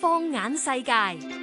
放眼世界。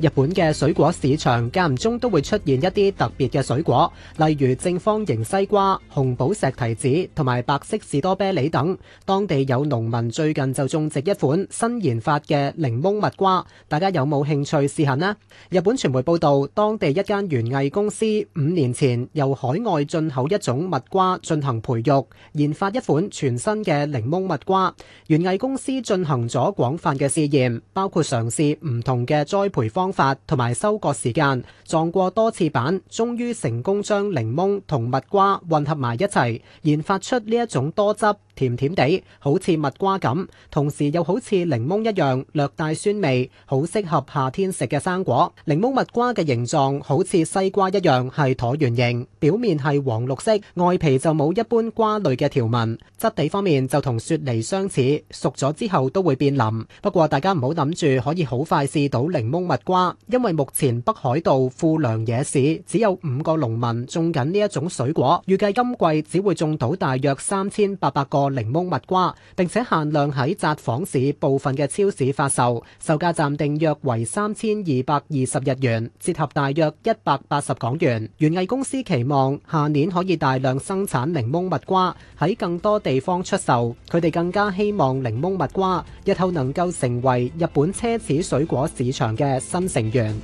日本嘅水果市場，間唔中都會出現一啲特別嘅水果，例如正方形西瓜、紅寶石提子同埋白色士多啤梨等。當地有農民最近就種植一款新研發嘅檸檬蜜瓜，大家有冇興趣試下呢？日本傳媒報道，當地一間園藝公司五年前由海外進口一種蜜瓜進行培育，研發一款全新嘅檸檬蜜瓜。園藝公司進行咗廣泛嘅試驗，包括嘗試唔同嘅栽培方法。方法同埋收割時間，撞過多次板，終於成功將檸檬同蜜瓜混合埋一齊，研發出呢一種多汁。甜甜地，好似蜜瓜咁，同時又好似檸檬一樣略帶酸味，好適合夏天食嘅生果。檸檬蜜瓜嘅形狀好似西瓜一樣係橢圓形，表面係黃綠色，外皮就冇一般瓜類嘅條紋。質地方面就同雪梨相似，熟咗之後都會變腍。不過大家唔好諗住可以好快試到檸檬蜜瓜，因為目前北海道富良野市只有五個農民種緊呢一種水果，預計今季只會種到大約三千八百個。檸檬蜜瓜，並且限量喺札幌市部分嘅超市發售，售價暫定約為三千二百二十日元，折合大約一百八十港元。園藝公司期望下年可以大量生產檸檬蜜瓜，喺更多地方出售，佢哋更加希望檸檬蜜瓜日後能夠成為日本奢侈水果市場嘅新成員。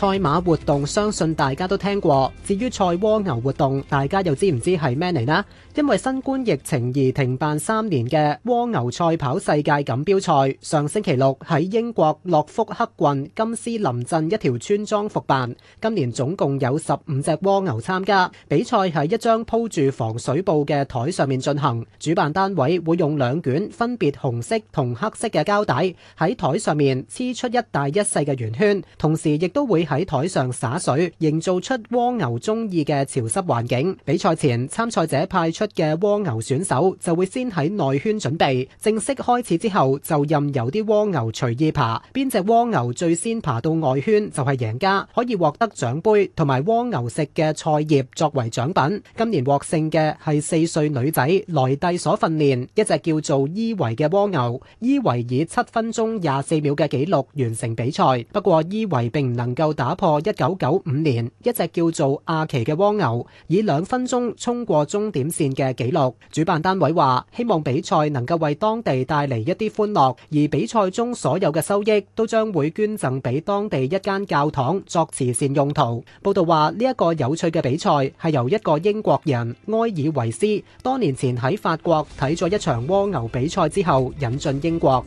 賽馬活動相信大家都聽過，至於賽蝸牛活動，大家又知唔知係咩嚟呢？因為新冠疫情而停辦三年嘅蝸牛賽跑世界錦標賽，上星期六喺英國諾福克郡金斯林鎮一條村莊復辦。今年總共有十五隻蝸牛參加，比賽喺一張鋪住防水布嘅台上面進行。主辦單位會用兩卷分別紅色同黑色嘅膠帶，喺台上面黐出一大一細嘅圓圈，同時亦都會。喺台上灑水，營造出蝸牛中意嘅潮濕環境。比賽前，參賽者派出嘅蝸牛選手就會先喺內圈準備。正式開始之後，就任由啲蝸牛隨意爬。邊隻蝸牛最先爬到外圈就係贏家，可以獲得獎杯同埋蝸牛食嘅菜葉作為獎品。今年獲勝嘅係四歲女仔萊蒂所訓練一隻叫做伊維嘅蝸牛。伊維以七分鐘廿四秒嘅紀錄完成比賽，不過伊維並唔能夠。打破一九九五年一隻叫做阿奇嘅蝸牛以兩分鐘衝過終點線嘅紀錄。主辦單位話希望比賽能夠為當地帶嚟一啲歡樂，而比賽中所有嘅收益都將會捐贈俾當地一間教堂作慈善用途。報道話呢一個有趣嘅比賽係由一個英國人埃爾維斯多年前喺法國睇咗一場蝸牛比賽之後引進英國。